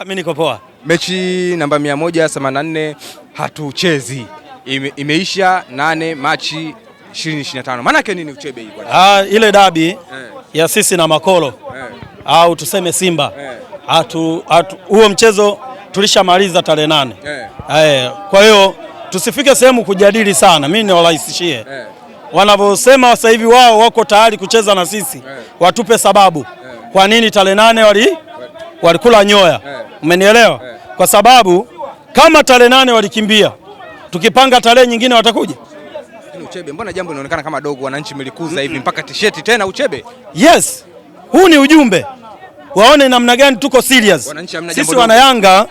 Ah, mimi niko poa. Mechi namba 184 hatuchezi ime, imeisha 8 Machi 2025. Maana yake nini uchebe hii bwana? Ah, ile dabi eh, ya sisi na Makolo eh, au tuseme Simba eh. huo mchezo tulishamaliza tarehe nane eh. Eh, kwa hiyo tusifike sehemu kujadili sana, mimi niwarahisishie eh, wanavyosema sasa hivi wao wako tayari kucheza na sisi eh, watupe sababu eh, kwa nini tarehe nane wali walikula nyoya, eh. umenielewa? Eh. Kwa sababu kama tarehe nane walikimbia, tukipanga tarehe nyingine watakuja. Uchebe, mbona jambo linaonekana kama dogo, wananchi mlikuza hivi mpaka tisheti tena uchebe? Yes, huu ni ujumbe, waone namna gani tuko serious sisi wanayanga.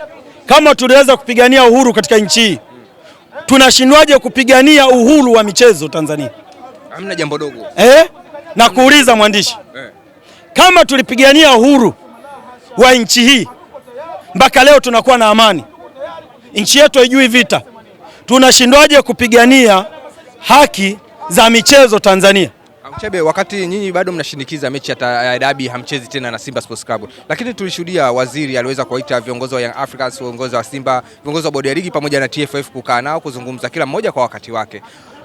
Kama tuliweza kupigania uhuru katika nchi hii, tunashindwaje kupigania uhuru wa michezo Tanzania? Hamna jambo dogo eh? na kuuliza mwandishi eh, kama tulipigania uhuru wa nchi hii mpaka leo tunakuwa na amani. Nchi yetu haijui vita. Tunashindwaje kupigania haki za michezo Tanzania? chebe wakati nyinyi bado mnashinikiza mechi ya dabi hamchezi tena na Simba Sports Club, lakini tulishuhudia waziri aliweza kuwaita viongozi wa Young Africans, viongozi wa Simba, viongozi wa bodi ya ligi pamoja na TFF kukaa nao kuzungumza, kila mmoja kwa wakati wake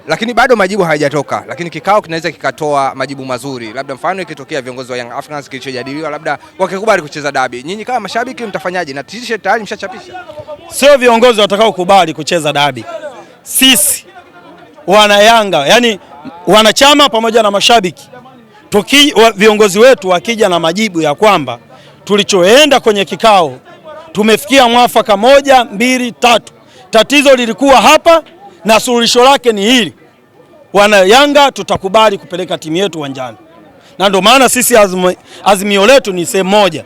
lakini bado majibu hayajatoka, lakini kikao kinaweza kikatoa majibu mazuri. Labda mfano ikitokea viongozi wa Young Africans, kilichojadiliwa labda wakikubali kucheza dabi, nyinyi kama mashabiki mtafanyaje? Na tishe tayari mshachapisha, sio viongozi watakaokubali kucheza dabi. Sisi wana Yanga, yani wanachama pamoja na mashabiki tuki, viongozi wetu wakija na majibu ya kwamba tulichoenda kwenye kikao tumefikia mwafaka moja, mbili, tatu, tatizo lilikuwa hapa na suluhisho lake ni hili, wana Yanga tutakubali kupeleka timu yetu uwanjani, na ndio maana sisi azimio letu ni sehemu moja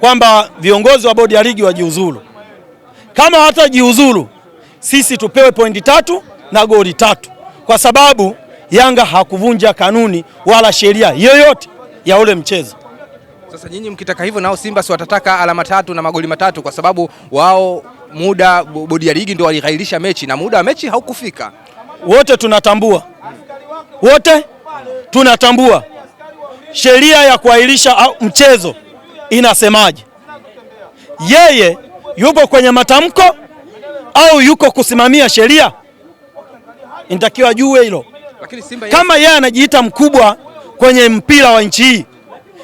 kwamba viongozi wa bodi ya ligi wajiuzuru Kama hata jiuzuru sisi tupewe pointi tatu na goli tatu, kwa sababu Yanga hakuvunja kanuni wala sheria yoyote ya ule mchezo. Sasa nyinyi mkitaka hivyo, nao Simba si watataka alama tatu na magoli matatu, kwa sababu wao muda bodi ya ligi ndio walighairisha mechi na muda wa mechi haukufika wote tunatambua, wote tunatambua sheria ya kuahirisha mchezo inasemaje. Yeye yupo kwenye matamko au yuko kusimamia sheria? Inatakiwa jue hilo. Kama yeye anajiita mkubwa kwenye mpira wa nchi hii,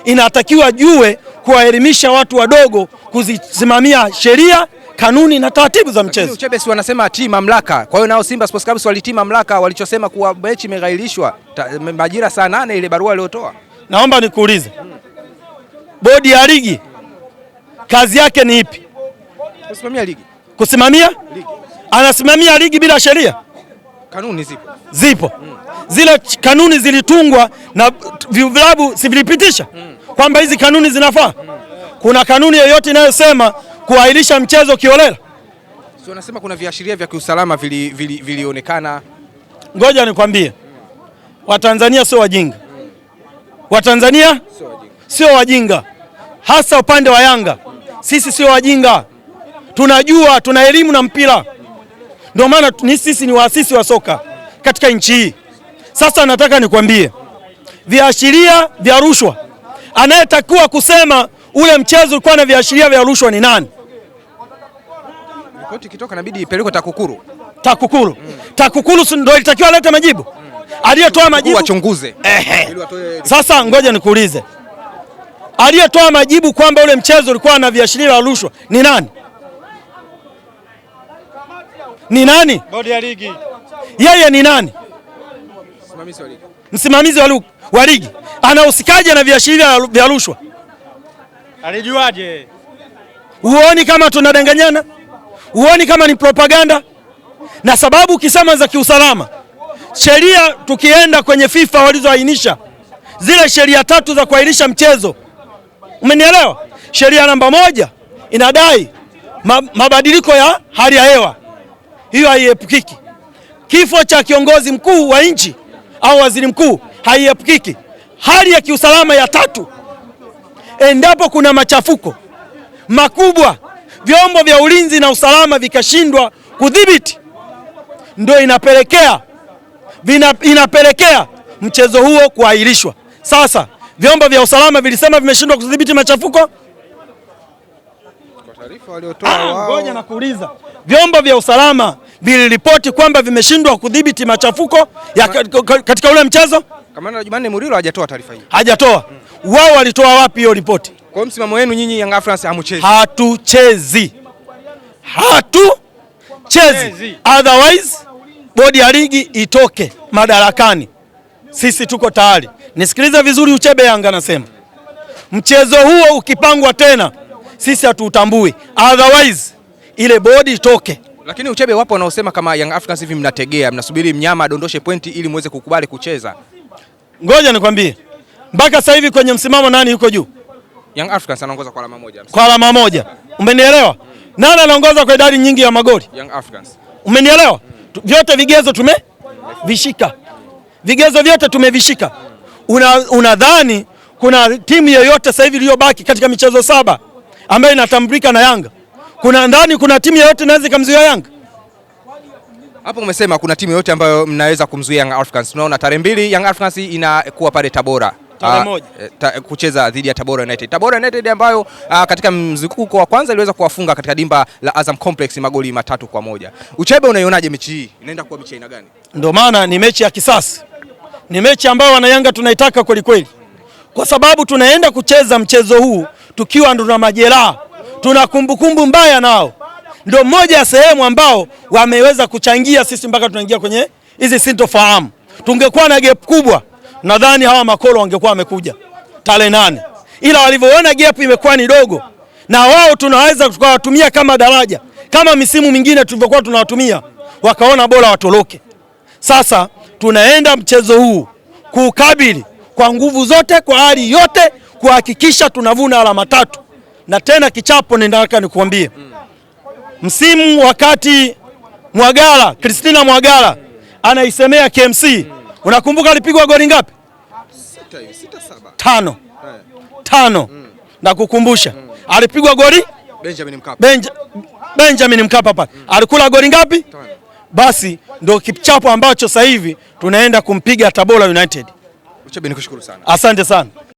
inatakiwa jue kuwaelimisha watu wadogo kuzisimamia sheria kanuni na taratibu za mchezo. Uchebe si wanasema ati mamlaka, kwa hiyo nao Simba Sports Club walitii mamlaka walichosema kuwa mechi imeghairishwa majira saa nane ile barua waliotoa Naomba nikuulize, bodi ya ligi kazi yake ni ipi? Kusimamia ligi. Kusimamia ligi. Anasimamia ligi bila sheria? Kanuni zipo, zipo. Mm. Zile kanuni zilitungwa na vilabu, sivilipitisha? mm, kwamba hizi kanuni zinafaa mm. Kuna kanuni yoyote inayosema kuahirisha mchezo kiolela. Si unasema kuna viashiria vya kiusalama vilionekana? Vili ngoja nikwambie, Watanzania sio wajinga, Watanzania sio wajinga, hasa upande wa Yanga. Sisi sio wajinga, tunajua, tuna elimu na mpira, ndio maana ni sisi ni waasisi wa soka katika nchi hii. Sasa nataka nikwambie viashiria vya rushwa, anayetakiwa kusema ule mchezo ulikuwa na viashiria vya rushwa ni nani? Ripoti ikitoka inabidi ipelekwe TAKUKURU. TAKUKURU. Mm. TAKUKURU ndio ilitakiwa alete majibu. Mm. Aliyetoa majibu wachunguze. Ehe. Sasa ngoja nikuulize. Aliyetoa majibu kwamba ule mchezo ulikuwa na viashiria vya rushwa ni nani? Ni nani? Bodi ya ligi. Yeye ni nani? Msimamizi wa ligi. Msimamizi wa ligi anahusikaje na viashiria vya rushwa? Alijuaje? Huoni kama tunadanganyana? Huoni kama ni propaganda? Na sababu ukisema za kiusalama, sheria tukienda kwenye FIFA walizoainisha zile sheria tatu za kuainisha mchezo, umenielewa? Sheria namba moja inadai mabadiliko ya hali ya hewa, hiyo haiepukiki. Kifo cha kiongozi mkuu wa nchi au waziri mkuu haiepukiki. Hali ya kiusalama ya tatu endapo kuna machafuko makubwa, vyombo vya ulinzi na usalama vikashindwa kudhibiti, ndio inapelekea vina, inapelekea mchezo huo kuahirishwa. Sasa vyombo vya usalama vilisema vimeshindwa kudhibiti machafuko. Ah, ngoja na kuuliza, vyombo vya usalama viliripoti kwamba vimeshindwa kudhibiti machafuko ya katika ule mchezo. Kamanda Jumanne Murilo hajatoa taarifa hiyo. Hajatoa. Mm. Wao walitoa wapi hiyo ripoti? Kwa hiyo msimamo wenu nyinyi Young Africans hamuchezi. Hatuchezi. Hatu chezi. Otherwise bodi ya ligi itoke madarakani. Sisi tuko tayari. Nisikilize vizuri Uchebe Yanga anasema. Mchezo huo ukipangwa tena sisi hatuutambui. Otherwise ile bodi itoke. Lakini Uchebe, wapo wanaosema kama Young Africans hivi mnategea, mnasubiri mnyama adondoshe pointi ili muweze kukubali kucheza. Ngoja nikwambie, mpaka sasa hivi kwenye msimamo nani yuko juu? Young Africans anaongoza kwa alama moja. Kwa alama moja, umenielewa? Hmm. Nani anaongoza kwa idadi nyingi ya magoli? Young Africans, umenielewa? Hmm. Vyote vigezo tume vishika vigezo vyote tumevishika. Unadhani una kuna timu yoyote sasa hivi iliyobaki katika michezo saba ambayo inatambulika na Yanga? Kuna ndani kuna timu yoyote inaweza ikamzuia Yanga? Hapo umesema kuna timu yoyote ambayo mnaweza kumzuia Young Africans? Tunaona tarehe mbili Young Africans inakuwa pale Tabora Uh, ta, kucheza dhidi ya Tabora United. Tabora United ambayo uh, katika mzunguko wa kwanza iliweza kuwafunga katika dimba la Azam Complex magoli matatu kwa moja. Uchebe, unaionaje mechi hii? Inaenda kuwa mechi aina gani? Ndio maana ni mechi ya kisasa, ni mechi ambayo wanayanga tunaitaka kweli kweli, kwa sababu tunaenda kucheza mchezo huu tukiwa ndo na majeraha, tuna kumbukumbu mbaya nao ndio moja ya sehemu ambao wameweza kuchangia sisi mpaka tunaingia kwenye hizi sintofahamu. Tungekuwa na gap kubwa, nadhani hawa makolo wangekuwa wamekuja tarehe nane, ila walivyoona gap imekuwa ni dogo, na wao tunaweza tukawatumia kama daraja, kama misimu mingine tulivyokuwa tunawatumia, wakaona bora watoroke. Sasa tunaenda mchezo huu kuukabili kwa nguvu zote, kwa hali yote, kuhakikisha tunavuna alama tatu, na tena kichapo, ninataka nikuambie msimu wakati Mwagala Kristina Mwagala anaisemea KMC, unakumbuka alipigwa goli ngapi? Tano eh. tano, nakukumbusha mm. alipigwa goli Benjamin Mkapa, Benja, Benjamin Mkapa pale mm. alikula goli ngapi? Basi ndio kichapo ambacho sasa hivi tunaenda kumpiga Tabora United. Asante sana.